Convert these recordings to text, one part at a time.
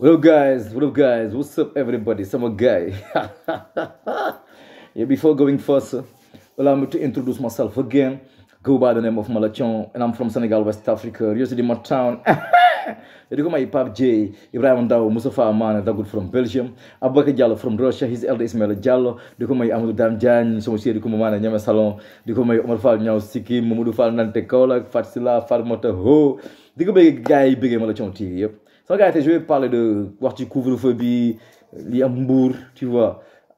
What up, guys? What up, guys? What's up, everybody? Summer guy. yeah, before going further, allow me to introduce myself again go by the name of Malachon, and I'm from Senegal, West Africa, usually my town. Rigoma Ipab J, Ibrahim Dao, Mustafa Aman, Dagoud from Belgium, Abaka Jallo from Russia, his elder Ismail Diallo, Rigoma Amadou Dam Diagne, Somosie Rigoma Mana Nyama Salon, Rigoma Omar Fal. Nyaw Siki, Mumudu Fal. Nante Kola. Fatsila, Fall Mota Ho, Rigoma guy. Bigé Malachon TV. Ça, gars, je vais parler de voir du couvre-feu, li Ambour, tu vois.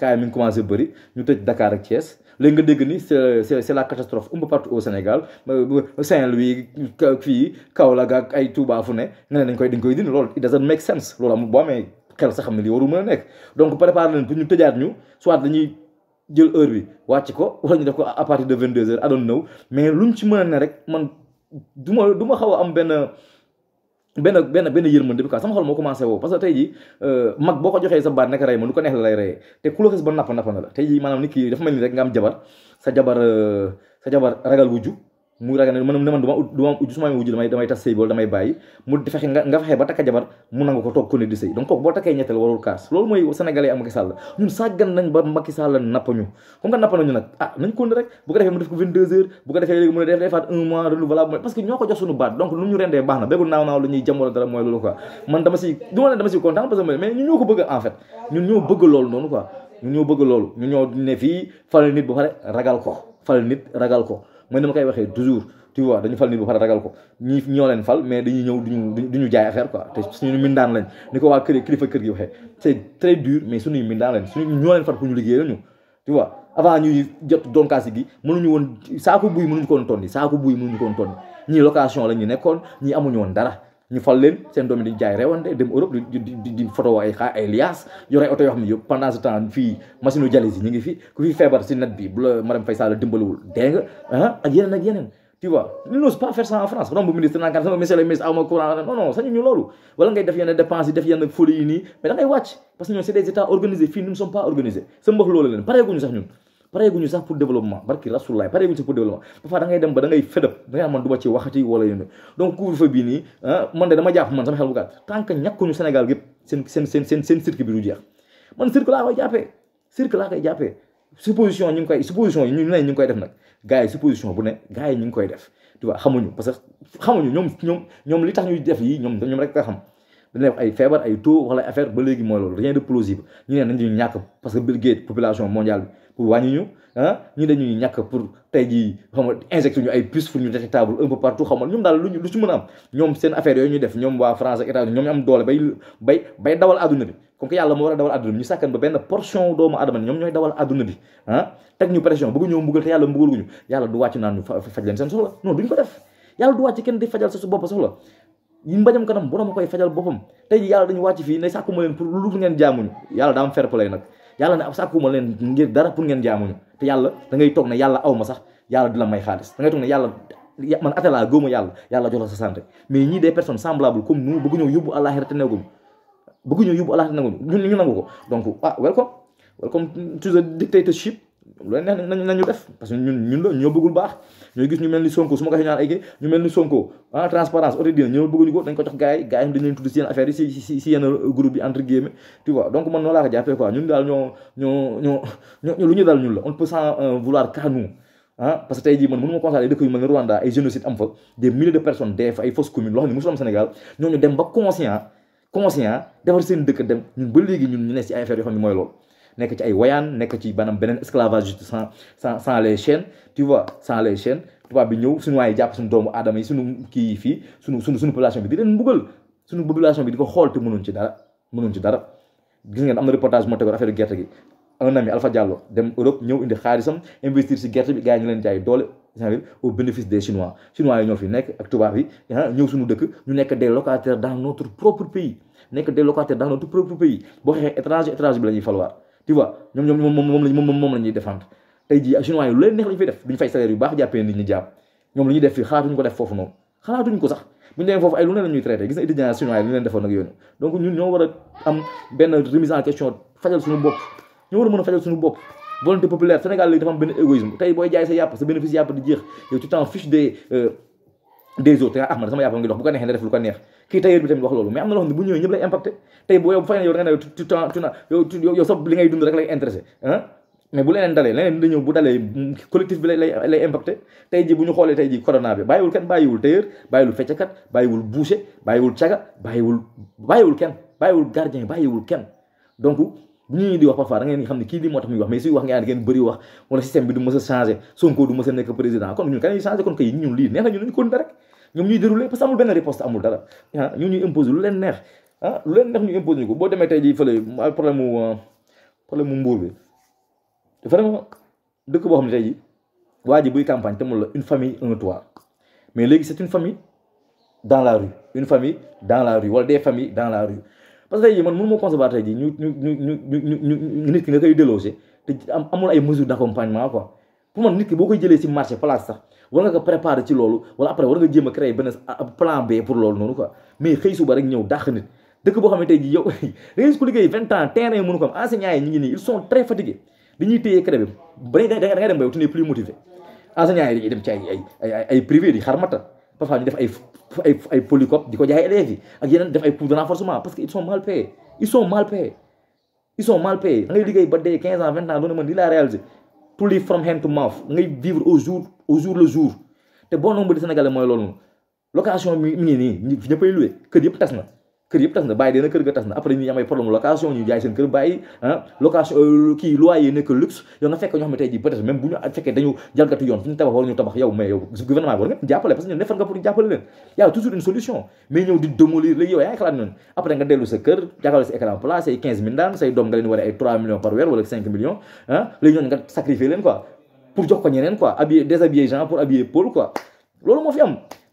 quand même commencé ñu Dakar ak Thiès c'est la catastrophe un peu partout au Sénégal Saint-Louis fi Kaolack ak ay Touba fu dañ koy dañ koy it doesn't make sense sax waru donc préparer leen pour ñu soit à partir de 22 h I don't know mais luñ ci rek man ma benn benn benn yërmande bi quoi sama xol moo commencé woo parce que tey euh, mag boo ko joxee sa baat nekk rey ma lu ko neex la lay reyee te ku la ba napp napp na la tey ji maanaam nit ki dafa mel ni rek nga am jabar sa jabar euh, sa jabar ragal wujju mu ragal ne man ne man du ma du ma su ma amee wujju damay damay man ne dama si content parce que ñun ñoo ko bëgg en ñun ñoo bëgg loolu noonu quoi ñun ñoo bëgg loolu ñun ñoo ne fii fal nit ba pare ragal ko fal nit ragal ko mooy na ma koy waxee toujours tu vois dañu fal nit ba pare ragal ko ñi ñoo leen fal mais dañuy ñëw duñu duñu jaay affaire quoi te suñu mindaan lañ ni ko waa kër kilifa kër gi waxee c'est très dur mais suñuy mindaan lañ suñu ñoo leen fal pour ñu liggéeyal ñu tu vois avant ñuy jot donkaasi gi mënuñu woon saako buy mënuñu ko woon tonni saako buy mënuñu ko woon tonni ñii location la ñu nekkoon ñii amuñu woon dara ñu fal leen seen doom yi di jaay rewante dem Europe di photo ay xaa yore ay oto yoo xam ne yëpp temps fii machine u jalis yi ñu ngi fi ku fi feebar si net bi bu la Marème Faye Sall dimbaliwul dégg nga ah ak yeneen ak yeneen tu vois ils n'osent pas faire ça en France romb ministre naankaan sama monsieur le ministre awma courant non non sañu ñu loolu wala ngay def yenn dépenses yi def yenn folie yi nii mais da ngay wàcc parce que pareeguñu sax pour développement barki rasulaay sax pour développement parfois da ngay dem ba da ngay fedab da man du ma ci waxati wala yéen donc couvre-feu bii nii ah, man de dama jàpp man sama xel bu gàtt tant que ñàkkuñu Sénégal gépp seen seen seen bi du jeex man cirque laa koy jàppee cirque laa koy jàppee supposition ñu ngi koy supposition yi ñu ne ñu ngi koy def nag gars yi supposition bu ne gars yi ñu ngi koy def tu vois xamuñu parce que ñoom li tax ñuy def yi ñoom ñoom rek nga xam dañ lay wax ay feebar ay taux wala affaire ba léegi que Bill Gates population mondiale bi wàññiñu ah ñu dañuy ñàkk pour tey jii xam nga injecté ñu ay puces ñu détectable un peu partout xam nga ñoom daal lu ci mën ñoom seen affaire yooyu ñuy def ñoom waa France ak ñu am doole ba benn portion doomu adama ne ñoom ñooy dawal àdduna bi ah, teg ñu pression bëgg ñoo mbugal te yàlla mbugaluñu yàlla du wàcc ñu faj leen du wàcc kenn di fajal sa su bopp soxla yi mbajam kanam borom a koy daam fair play nag yàlla ne ab sàkkuma leen ngir dara pour ngeen jaamuñu te yàlla da ngay toog ne yàlla aw ma sax yàlla di la may xaalis da ngay toog ne yàlla man atela góoma yàlla yàlla jox la sa santé mais ñii des personnes semblables comme nous bëgg ñoo yóbbu àllaaxira te neguñu bëgg ñoo yóbbu àllaaxira te neguñu ñu nangu ko donc ah, welcome welcome to the dictatorship lu neex nañu def parce que ñun ñun la ñoo bëggul baax ñooy gis ñu mel ni Sonko su ma ko ñaan ay kii ñu ni Sonko en ñoo ñu daal ñun la on peut s'en euh, vouloir qu'à nous ah parce que dem ba conscient conscient defar seen dëkk dem ñun ba léegi ñun ñu ne si ay affaire yoo xam ne mooy loolu nekk ci ay wayaan nekk ci banam beneen esclavage sans sans sans les chaînes tu vois sans les chaînes tubaab bi ñëw suñu waay jàpp suñu doomu aadama yi suñu kii fii suñu suñu suñu population bi di leen mbugal suñu population bi di ko xool te mënuñ ci dara mënuñ ci dara gis ngeen am na reportage moo tegoon affaire gerte gi un ami dem Europe ñëw indi xaalisam investir si gerte bi gars yi ñu leen jaay doole au bénéfice de chinois chinois yi fi nekk ak tubaab yi ah, ñëw suñu dëkk ñu nekk des locataires dans notre propre pays nekk des locataires dans notre propre pays boo xeexee étranger étranger bi la tu ñoom ñoom moom moom tey jii chinois yi lu neex la ñu fay def duñ fay salaire yu baax jàppee nit ñi jàpp ñoom li ñuy def fii xalaatuñ ko def foofu noonu xalaatuñ ko sax buñu demee foofu ay lu ne la ñuy traité gis na étudiants chinois yi li leen defoon nag yoonu donc ñun ñoo war a am benn remise en question fajal suñu bopp ñoo war a mën a fajal suñu bopp volonté populaire Sénégal léegi dafa am benn égoïsme tey booy jaay sa yàpp sa bénéfice des autres ah man sama yàpp ngi dox bu ko neexee ne def lu ko neex kii tailleur bi tamit wax loolu mais am na loo xam bu ñëwee ñëpp lay impacté tey bu yow bu fekkee yow sob li ngay dund rek lay intéressé ah mais bu leneen dalee leneen da dalee collectif bi lay lay lay impacté ji bu ñu xoolee tey ji corona bi bàyyiwul kenn bàyyiwul tailleur bàyyiwul feccakat bàyyiwul boucher bàyyiwul caga bàyyiwul bàyyiwul kenn bàyyiwul gardien bàyyiwul kenn donc bu ñu di wax parfois da ngeen xam ne kii lii moo tax muy wax mais suy wax ngeen ngeen bëri wax wala système bi du mës a changé Sonko du mës a nekk président kon ñun kan ñuy changé kon kay ñun lii neex na ñun nañu kon rek ñoom ñuy dara ah ñun ñuy lu leen neex ah lu leen neex ñu imposé ñu ko boo demee tey jii fële problème mu euh, problème mu mbuur bi vraiment dëkk boo xam ne tey jii waa ji buy campagne te mu la une famille un toit mais léegi c'est une famille dans la rue une famille dans la rue wala des familles dans la rue parce que tey jii man mënu ma concevoir tey jii ñu ñu ñu ñu ñu ki nga koy délogé te am amul ay mesures d' accompagnement quoi pour man nit ki boo koy jëlee si marché place sax war nga ko préparer ci loolu wala après war nga jéem a créer benn plan B pour loolu noonu quoi mais xëy suba rek ñëw dàq nit boo xam ne tey jii yow da ngay ku liggéey vingt ans terrain yi ko am enseignants yi nii ils sont très fatigués da ngay dem ba yow tu n'es plus motivé enseignants yi dañuy dem ci parfois ñu def ay ay di ko jaay élèves yi ak yeneen def ay cours de renforcement parce que ils sont mal payés ils sont mal payés ils sont mal payés da ba dee quinze ans vingt ans doona mën di laa réaliser pour li from hand to mouth ngay vivre au jour au jour le jour te bon nombre de Sénégalais mooy loolu location mi mi ngi nii ñëppay loué kër yëpp tas na kër yëpp tas na bàyyi dana kër ga tas na après ñu am problème location ñu jaay seen kër bàyyi ah euh, kii loyer ne tey jii peut-être même ñu fekkee dañu jalgati yoon fi ñu tabax war ñu tabax yow mais war nga dellu sa kër jàkkaarloo sa écran plat say 15 mille daan say doom nga leen war ay millions par weer wala 5 millions ah nga sacrifier leen quoi pour jox ko ñeneen quoi habiller déshabiller gens pour habiller Paul quoi loolu moo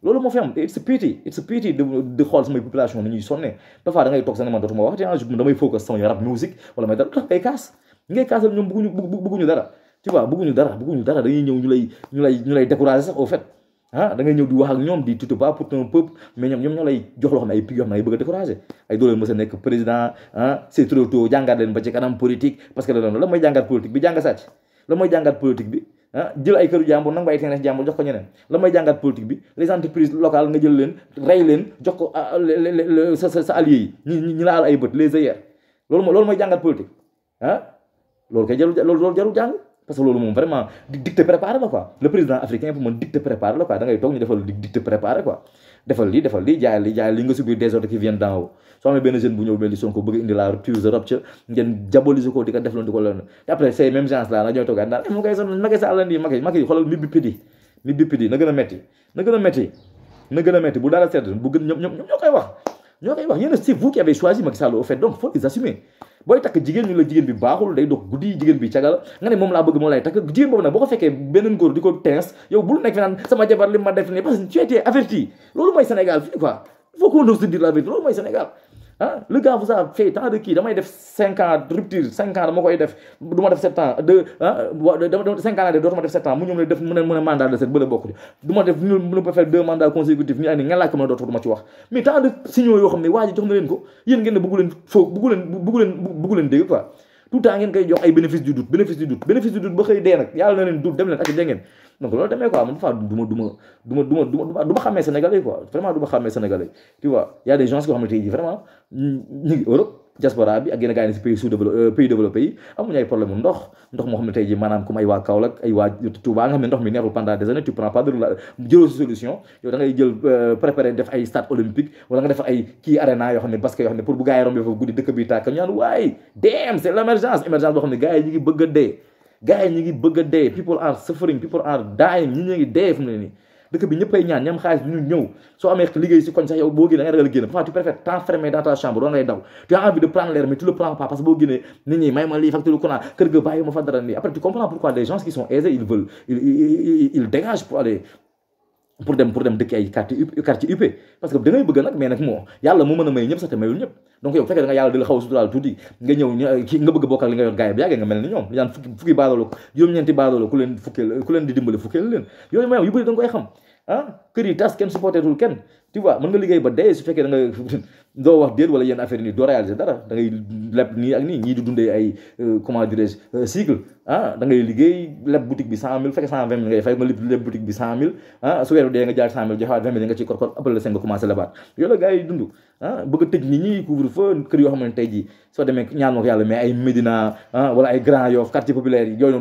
lolu mo fam it's a pity it's a pity de xol sama population ni ñuy sonnee parfois da ngay tok sax ne dootuma wax te damay focus sama rap music wala may dara tax ngay kaas ngay kaasal ñoom bëgguñu bëgguñu dara tu vois bëgguñu dara bëgguñu dara dañuy ñew ñulay ñulay ñulay décourager sax au fait ha da ngay ñew di wax ak ñom di tutu pas pour ton peuple mais ñom ñom ñolay jox lo xam ay pig ay bëgg décourager ay doole mësa nek président ah c'est trop tôt jangat leen ba ci kanam politique parce que la doon la may jangat politique bi jangat sàcc la mooy jàngat politique bi ah, jël ay këru jàmbur nangu ay terrain jàmbur jox ko ñeneen la mooy jàngat politique bi les entreprises locales nga jël leen rey leen jox ko ah, sa sa ñi ñi la al ay bët les ailleurs loolu mooy loolu mooy jàngat politique ah loolu kay jarul loolu jarul jàng parce que loolu moom vraiment dicté préparé la quoi le président africain pour man dicté préparé la quoi da ngay toog ñu defal dicté préparé quoi defal lii defal lii jaay lii jaay lii nga subir des qui viennent d'en haut soo amee benn jeune bu ñëw mel ni Sonko bëgg indi la rupture rupture ngeen diaboliser ko di def loolu di ko loolu te après ces mêmes gens là nag ñooy toogaat naan mu koy sonal Macky Sall nii Macky Macky xoolal mi bi pidi mi bi pidi na gën a metti na gën a metti na gën a sedd bu gën ñoom ñoom ñoo koy wax ñoo koy wax yéen c'est vous qui avez choisi Macky Sall au donc faut les assumer booy takk jigéen ñu la jigéen bi baaxul day dox guddi jigéen bi cagal nga ne moom laa bëgg moom lay takk jigéen boobu nag boo ko fekkee beneen góor di ko teens yow bul nekk fi naan sama li ma def nii parce que tu averti loolu mooy Sénégal fii ko il faut qu'on ose dire mooy Sénégal ah le gars vous a fait tant de kii damay def cinq ans rupture cinq ans dama koy def du ma def sept ans de ah, cinq ans laa def mu ñoom ne def mu de sept bële bokk ci du ma def ñu mën a faire deux mandats consécutifs ñu andi nga laaj ko ma dootuma ci wax mais tant de signaux yoo xam ne waa ji jox na leen ko yéen ngeen ne bëggu foog bëggu leen bëggu leen tout temps ngeen koy jox ay bénéfice du doute bénéfice du doute ba xëy dee nag yàlla na leen doute dem leen donc loolu tamit quoi man des fois du ma du ma du ma du ma du vraiment du ma xàmmee sénégalais tu vois y a des gens xam ne tey jii vraiment ñu ngi euh, problème ndox ndox moo xam ne tey jii maanaam comme ay waa Kaolack ay waa Touba nga xam ne ndox mi neexul pendant des années tu prends pas de la jëloo solution yow da jël euh, préparé def ay stade olympique wala nga def ay kii arena yoo xam ne basket yoo xam ne pour bu gars yi romb ngi bëgg a ga yi ñu ngi bëgg a dee people are suffering people are dying ñi ñu ngi dee fu mu ne nii dëkk bi ñëppay ñaan ñam xaalis du ñu ñëw soo amee liggéey si koñ sax yow boo génnee da ngay ragal génn parfois tu préfères t'enfermer ta chambre doo ngay daw tu as envie de prendre l'air tu le prends pas parce boo génnee nit ñi may ma lii facture ku naa kër ga bàyyi ma fa dara nii après tu comprends pourquoi les gens qui sont aisés ils veulent ils dégagent pour aller pour dem pour dem dëkk ay quartier quartier parce que da ngay nag mais nag moo yàlla mu mën may ñëpp sax te ñëpp donc yow fekkee da nga yàlla di la tuuti nga ñëw nga bëgg a li nga yor gaay bi yàggee nga mel ni ñoom li fukki fukki baadoolo ñeenti baadoolo ku leen di dimbale fukkeel leen yooyu mooy yu bëri da nga koy xam ah, tas kenn supportetul kenn tu yooyu la gars yi dund ah, bëgg a tëj nit ñi couvre feu kër yoo xam ne tey soo demee ñaan ma ko yàlla mais ay Médina dafa dafa peuplé ñooñu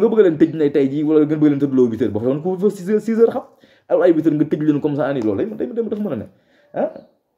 nga bëgg leen tëj ne tey jii wala ngeen bëgg leen tëddloo huit heures boo fekkoon six heures six heures xam ay huit nga tëj leen comme ça ani loolu a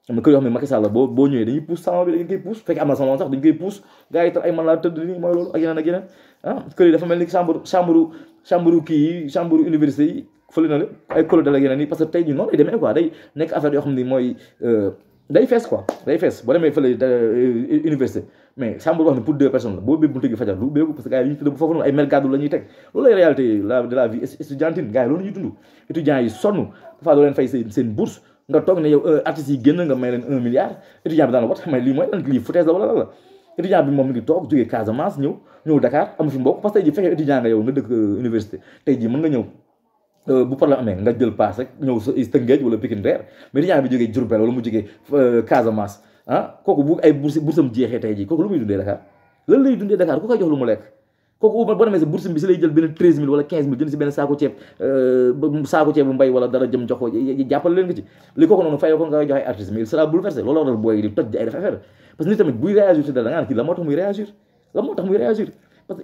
ah, dañuy pousse sama bi dañu koy pousse fekk am na sax dañu koy pousse gars yi tal ay man laa tëdd nii mooy loolu ak yeneen ak ah, kër yi dafa mel ni chambre chambre chambre kii yi université yi fële na la ay colo dal ak yeneen yi tey noonu lay demee quoi day nekk affaire yoo xam ne mooy euh, day fees ko day fees boo demee fële euh, université mais chambre wax ne pour deux personnes la boo béb buntu fajar lu béeku parce que gars yi ñu tudd bu foofu noonu ay mel gàddu la ñuy teg loolu ay réalité la de la vie étudiantine gars yi loolu ñuy dund étudiants yi sonn dafaa doo leen fay seen seen bourse nga toog ne yow euh, artistes yi génn nga may leen un milliard étudiant bi daan wat may lii mooy lan lii foutaise la wala la étudiant bi moom mi nga yow nga euh, Euh, bu problème amee nga jël paas rek ñëw sa Tëngéej wala Pikine reer mais di ñaan bi jógee Diourbel mu jógee euh, Casamance ah, kooku bu ay bourse jeexee tey jii kooku lu muy dundee Dakar lan lay dundee Dakar ku koy jox lu mu lekk kooku boo demee sa bourse bi si lay jël benn 13000 wala 15000 jënd si benn saako ceeb euh, saako ceeb bu mbay wala dara jëm ko nga jox ay artiste mais il sera bouleversé loolu waral booy di toj ay def affaire parce que nit tamit buy réagir si dara da kii la moo tax muy réagir la moo tax muy réagir parce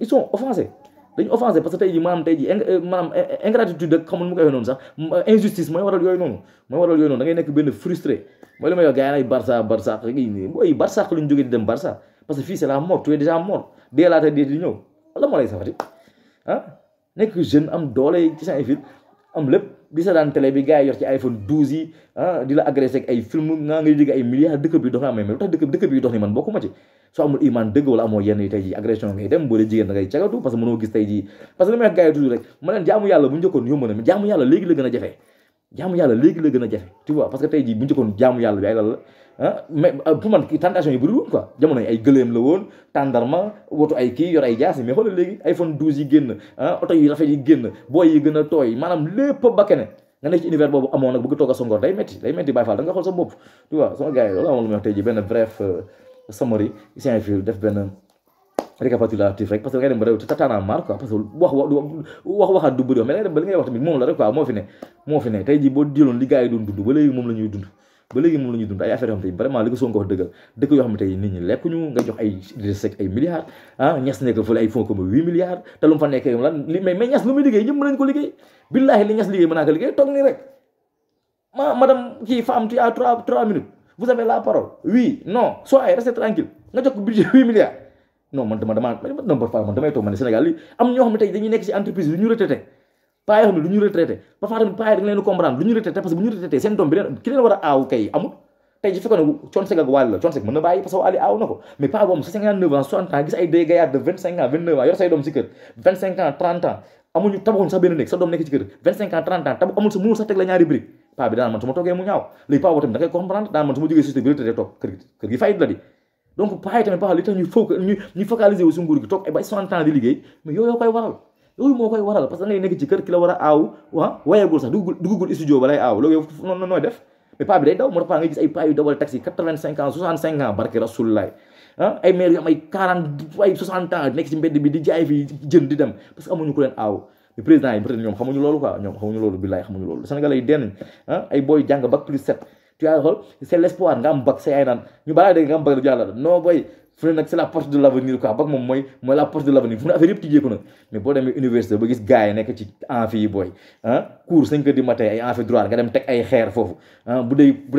dañu offensé parce que tey ji maanaam tey ji maanaam ingratitude ak xamul mu koy noonu sax injustice mooy waral yooyu noonu mooy waral yooyu noonu da nekk benn frustré mooy li may wax gars yi ay Barça lu ñu jógee di parce que fii c'est la mort tu es déjà mort dès la tey di ñëw wala moo lay safati ah, nekk jeune am doole ci sa fil am lépp di daan télé bi gars yor ci iPhone 12 ah, di la agressé ay film nga ngay dégg ay milliards dëkk bi dox na amee mais lu tax dëkk bi dox ni man bokku ma ci soo amul iman dëgg wala amoo yenn yi tey ji agression ngay dem boo dee jigéen da ngay cagatu parce gis tey ji parce na mais jaamu yàlla léegi la gën a jafe ah mais euh, pour man kii tentation yi bëriwul quoi jamono yi ay gëléem la woon tàndarma wotu ay kii yor ay jaas yi mais xoolal léegi iPhone 12 yi génn ah oto yu rafet yi génn tooy boobu amoon nag bëgg toog a songoor day metti day metti bàyyi faal da xool sa bopp tu vois sama gars loolu amoon lu may wax tey ji benn bref euh, summary scientifique def benn récapitulatif moo fi ne ne tey ji boo jëloon li gars yi doon dund ba léegi moom la ñuy dund ba léegi moom la ñuy dund ay affaire yoo xam te vraiment li ko Sonko wax dëggal dëkk yoo xam nga jox ay sec ay milliards ah ñes ay fonds comme huit milliards te lu mu fa nekkee yow lan lu muy liggéey ñëpp mën nañ ko liggéey billaahi nii rek ma madame kii femme tu as trois trois minutes vous la parole oui non soyez restez tranquille nga jox ko budget huit milliards non man dama dama man parfois man damay toog man Sénégal am ñoo xam ne tey dañuy nekk ci entreprise lu ñu retraité paa yoo xam ne du ñu retraité ba faa tamit paa yi dañ leen comprendre du seen doom bi leen ki leen war aaw kay amul tey ji fekkoon ne Thione ak Wally la Thione Seck mën na bàyyi parce aaw na ko mais paa boobu 59 ans 60 di liggéey mais yooyu yoo waral loolu moo koy waral parce que da ngay nekk ci kër ki la war a aaw ah wayagul sax duggul duggugul studio ba lay aaw loolu yow noonu nooy def mais paa bi day daw moo tax paa nga gis ay paa yu dawal taxi quatre-vingt-cinq ans soixante-cinq ans barke rasulullaay ah ay maire yu am ay quarante ay soixante ans nekk ci mbedd bi di jaay fii jën di dem parce que amuñu ku leen aaw mais président yi peut-être ñoom xamuñu loolu quoi ñoom xamuñu loolu billaay xamuñu loolu Sénégalais yi denn ah, ay booy tu as xool c' est l' nga am bac say ay naan ñu balaa dégg nga am bac daf yàlla non boy fu ne nag c' est la porte de l' avenir quoi bac moom mooy mooy la porte de l' avenir fu ne affaire yëpp tijjeeku na mais boo demee université ba ah, dem teg ay xeer foofu ah, bu dee bu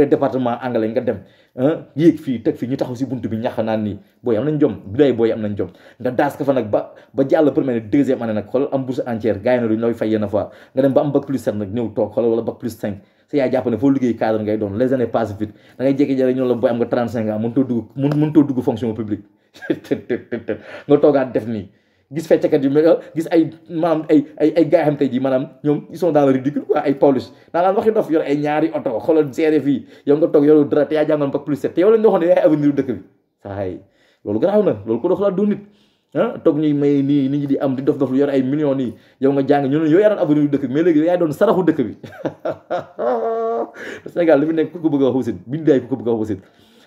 anglais nga dem ah, yéeg fii teg fii ñu taxaw si buntu bi ñax naan nii booy am nañ jom bi day booy am nañ jom nga daas ka fa nag ba ba jàll première deuxième année nag xool am bourse entière gars yi na duñ lay fay yenn fois nga dem ba am bac te yaa jàpp ne foo liggéey cadre ngay doon les années passent vite da ngay jékki-jékki ñoom la booy am nga 35 ans mënutoo dugg mënutoo dugg fonction publique nga toogaat def nii gis feccakat yu mel gis ay maanaam ay ay ay gars xam tey jii maanaam ñoom ils sont dans le ridicule quoi ay Paulus naanaam waxi dof yor ay ñaari oto xoolal géré fi yow nga toog yoru dara te yaa jàngoon ba plus sept te yow lañ nga waxoon ne yaay avenir dëkk bi saay loolu garaaw na ko dox nit ah toog ñuy may nii ni ñi di am di dof dof lu yor ay millions nii yow nga jàng ñu ne yow yaa doon avenir dëkk bi mais léegi yow doon saraxu dëkk bi Sénégal li fi nekk ku a a xuusit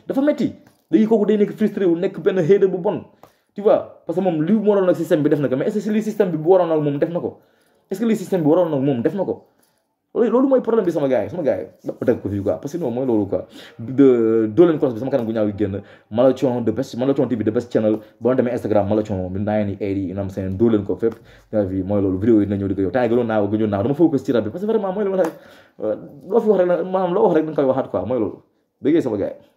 dafa metti nekk benn xéeda bu bon tu vois parce que moom li mu waroon ak système bi def na ko mais est ce que li système bi bu waroon ak moom def na ko est ce que bi waroon ak moom def na ko loolu mooy problème bi sama gars sama gars yi ma ko fii quoi parce que mooy loolu quoi de doo sama kanam gu ñaaw génn Malathion the best Malathion TV best channel boo demee Instagram Malathion mi naa ni nam seen doo ko fépp mooy loolu vidéo yi dina ko yow bi parce que vraiment mooy loolu euh, loo fi wax rek maanaam loo mooy loolu bëggee sama gars